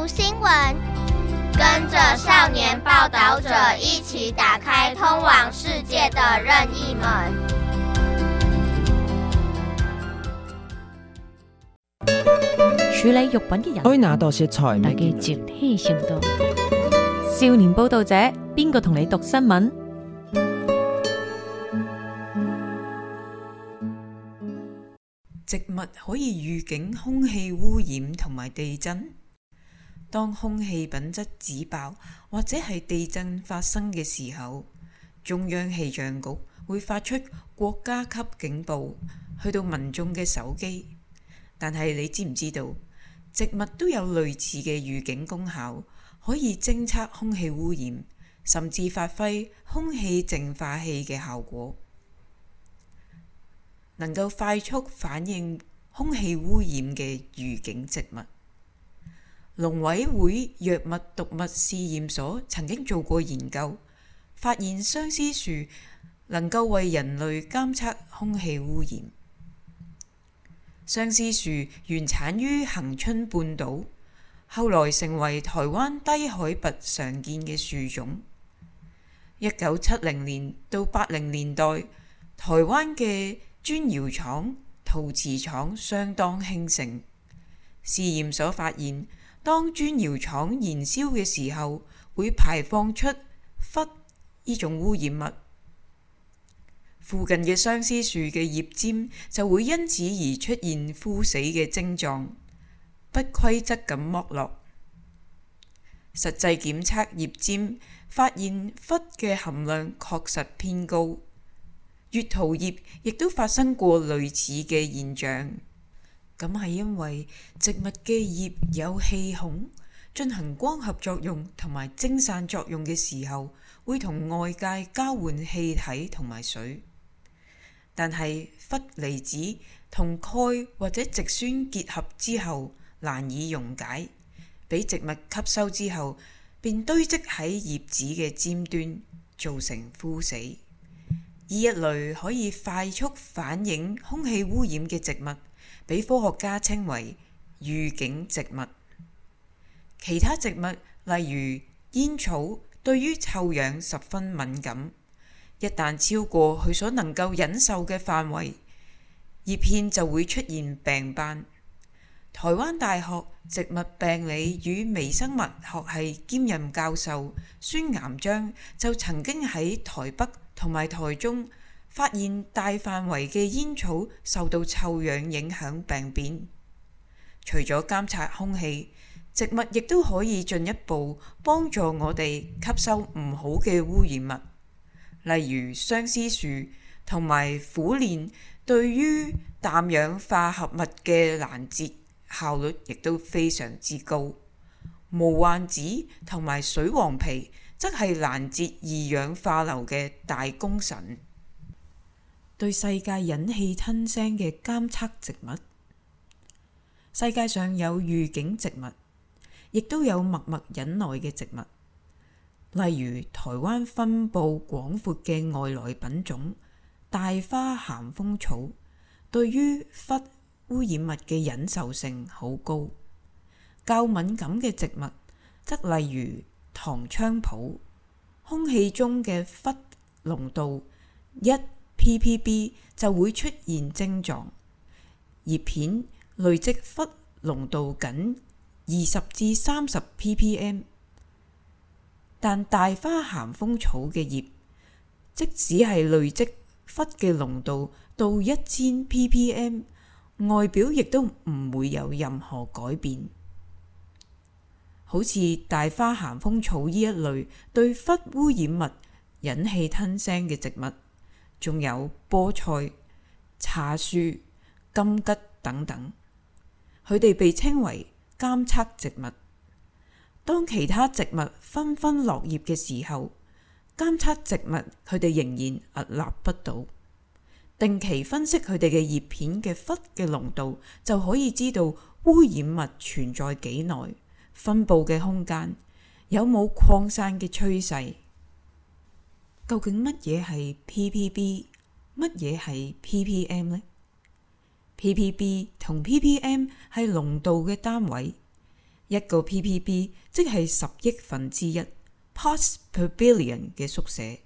讀新聞，跟着少年報道者一起打開通往世界的任意門。處理肉品嘅人可以拿到食材嘅具體行動。 少年報道者，邊個同你讀新聞？ 植物可以預警空氣污染同埋地震。當空氣品質紫爆，或者係地震發生嘅時候，中央氣象局會發出國家級警報，去到民眾嘅手機。但係你知唔知道，植物都有類似嘅預警功效，可以偵測空氣污染，甚至發揮空氣淨化器嘅效果，能夠快速反應空氣污染嘅預警植物。農委會藥物毒物試驗所曾經做過研究，發現相思樹能夠為人類監測空氣污染。相思樹原產於恆春半島，後來成為台灣低海拔常見嘅樹種。一九七零年到八零年代，台灣嘅磚窑廠、陶瓷廠相當興盛。試驗所發現。當磚窯廠燃燒嘅時候，會排放出氟呢種污染物，附近嘅相思樹嘅葉尖就會因此而出現枯死嘅症狀，不規則咁剝落。實際檢測葉尖，發現氟嘅含量確實偏高，月桃葉亦都發生過類似嘅現象。咁係因為植物嘅葉有氣孔，進行光合作用同埋蒸散作用嘅時候，會同外界交換氣體同埋水。但係氟離子同鈣或者植酸結合之後難以溶解，俾植物吸收之後便堆積喺葉子嘅尖端，造成枯死。呢一類可以快速反應空氣污染嘅植物，被科學家稱為預警植物。其他植物，例如煙草，對於臭氧十分敏感，一旦超過佢所能夠忍受嘅範圍，葉片就會出現病斑。台灣大學植物病理與微生物學系兼任教授孫岩章就曾經喺台北同埋台中，發現大範圍嘅煙草受到臭氧影響病變。除咗監察空氣，植物亦都可以進一步幫助我哋吸收唔好嘅污染物，例如相思樹同埋苦蓮對於氮氧化合物嘅攔截效率亦都非常之高。無患子同埋水黃皮則係攔截二氧化硫嘅大功臣。對世界忍氣吞聲嘅監測植物，世界上有預警植物，亦都有默默忍耐嘅植物。例如台灣分佈廣闊嘅外來品種大花咸豐草，對於氟污染物嘅忍受性好高。較敏感嘅植物則例如唐菖蒲，空氣中嘅氟濃度一 ppb 就會出現症狀，葉片累積氟濃度僅二十至三十 ppm，但大花咸豐草嘅葉即使係累積氟嘅濃度到一千 ppm，外表亦都唔會有任何改變。好似大花咸豐草呢一類對氟污染物忍氣吞聲嘅植物，仲有菠菜、茶樹、柑桔等等，佢哋被稱為監測植物。當其他植物紛紛落葉嘅時候，監測植物佢哋仍然屹立不倒。定期分析佢哋嘅葉片嘅氟嘅濃度，就可以知道污染物存在幾耐、分布嘅空間有冇擴散嘅趨勢。究竟乜嘢係 ppb，乜嘢係 ppm 呢？ppb 同 ppm 係濃度嘅單位。一個 ppb 即係十億分之一 parts per billion 嘅縮寫；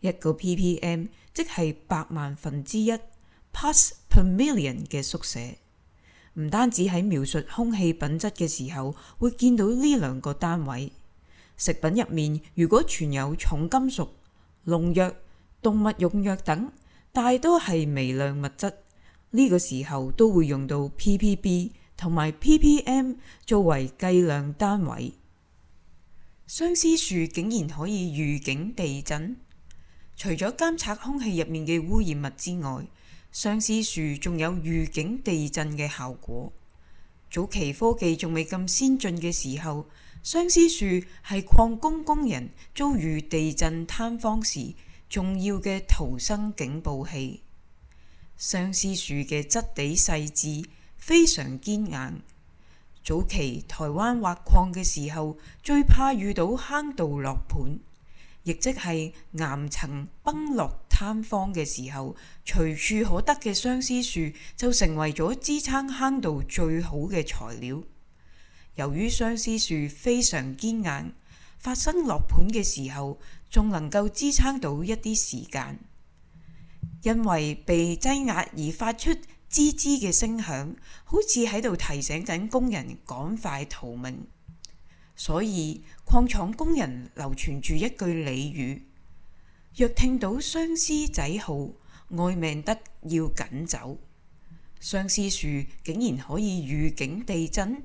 一個 ppm 即係百萬分之一 parts per million 嘅縮寫。唔單止喺描述空氣品質嘅時候，會見到呢兩個單位。食品入面如果存有重金屬、農藥、動物用藥等，大多係微量物質，呢個時候都會用到 PPB 同埋 PPM 作為計量單位。相思樹竟然可以預警地震，除咗監測空氣入面嘅污染物之外，相思樹仲有預警地震嘅效果。早期科技仲未咁先進嘅時候。相思樹係礦工工人遭遇地震坍方時重要嘅逃生警報器。相思樹嘅質地細緻，非常堅硬。早期台灣挖礦嘅時候，最怕遇到坑道落盤，亦即係岩層崩落坍方嘅時候，隨處可得嘅相思樹就成為咗支撐坑道最好嘅材料。由於相思樹非常堅硬，發生落盤嘅時候，仲能夠支撐到一啲時間，因為被擠壓而發出吱吱嘅聲響，好似喺度提醒緊工人趕快逃命。所以礦廠工人流傳住一句俚語：若聽到相思仔號，愛命得要緊走。相思樹竟然可以預警地震。